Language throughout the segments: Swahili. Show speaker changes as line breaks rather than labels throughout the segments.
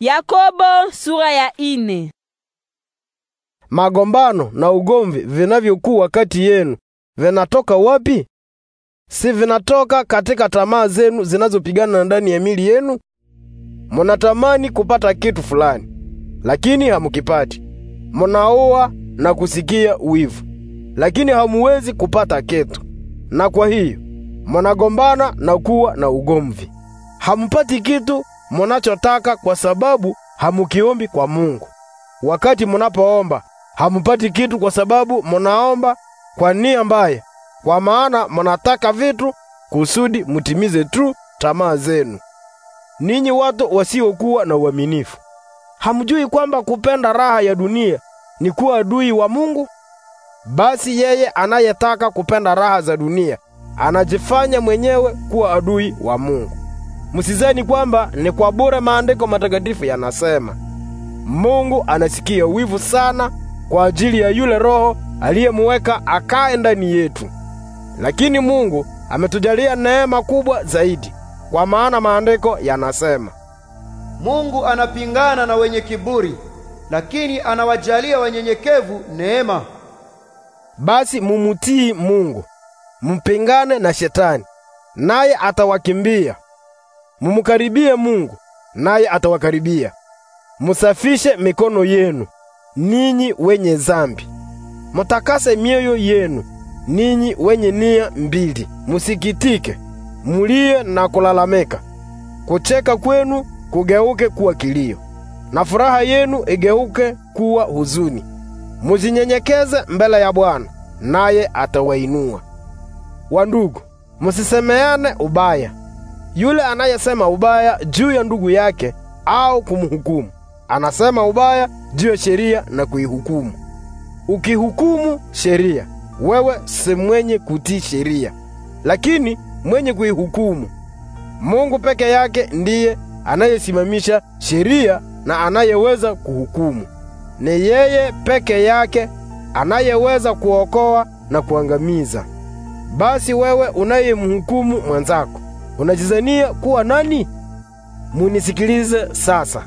Yakobo sura ya ine. Magombano na ugomvi vinavyokuwa kati yenu vinatoka wapi? Si vinatoka katika tamaa zenu zinazopigana ndani ya mili yenu? Munatamani kupata kitu fulani, lakini hamukipati. Munaoa na kusikia wivu, lakini hamuwezi kupata kitu, na kwa hiyo munagombana na kuwa na ugomvi. Hamupati kitu munachotaka kwa sababu hamukiombi kwa Mungu. Wakati munapoomba hamupati kitu kwa sababu munaomba kwa nia mbaya, kwa maana munataka vitu kusudi mutimize tu tamaa zenu. Ninyi watu wasiokuwa na uaminifu, hamjui kwamba kupenda raha ya dunia ni kuwa adui wa Mungu? Basi yeye anayetaka kupenda raha za dunia anajifanya mwenyewe kuwa adui wa Mungu. Msizeni kwamba ni kwa bure maandiko matakatifu yanasema, Mungu anasikia wivu sana kwa ajili ya yule Roho aliyemuweka akae ndani yetu. Lakini Mungu ametujalia neema kubwa zaidi, kwa maana maandiko yanasema, Mungu anapingana na wenye kiburi, lakini anawajalia wanyenyekevu neema. Basi mumutii Mungu, mupingane na shetani, naye atawakimbia. Mumukaribie Mungu naye atawakaribia. Musafishe mikono yenu ninyi wenye zambi, mutakase mioyo yenu ninyi wenye nia mbili. Musikitike, mulie na kulalameka, kucheka kwenu kugeuke kuwa kilio na furaha yenu igeuke kuwa huzuni. muzinyenyekeze mbele ya Bwana naye atawainua. Wandugu, musisemeane ubaya yule anayesema ubaya juu ya ndugu yake au kumhukumu anasema ubaya juu ya sheria na kuihukumu. Ukihukumu sheria, wewe si mwenye kutii sheria, lakini mwenye kuihukumu. Mungu peke yake ndiye anayesimamisha sheria na anayeweza kuhukumu. Ni yeye peke yake anayeweza kuokoa na kuangamiza. Basi wewe unayemhukumu mwenzako unajizania kuwa nani? Munisikilize sasa,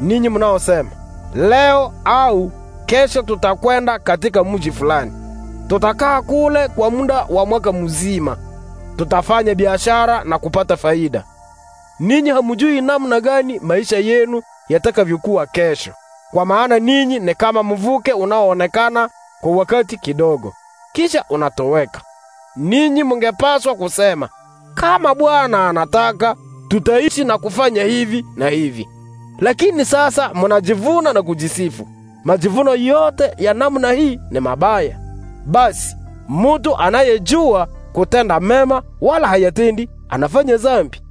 ninyi mnaosema leo au kesho tutakwenda katika mji fulani, tutakaa kule kwa muda wa mwaka mzima, tutafanya biashara na kupata faida. Ninyi hamujui namna gani maisha yenu yatakavyokuwa kesho, kwa maana ninyi ni kama mvuke unaoonekana kwa wakati kidogo, kisha unatoweka. Ninyi mungepaswa kusema kama Bwana anataka tutaishi na kufanya hivi na hivi. Lakini sasa mnajivuna na kujisifu. Majivuno yote ya namna hii ni mabaya. Basi mutu anayejua kutenda mema wala hayatendi anafanya zambi.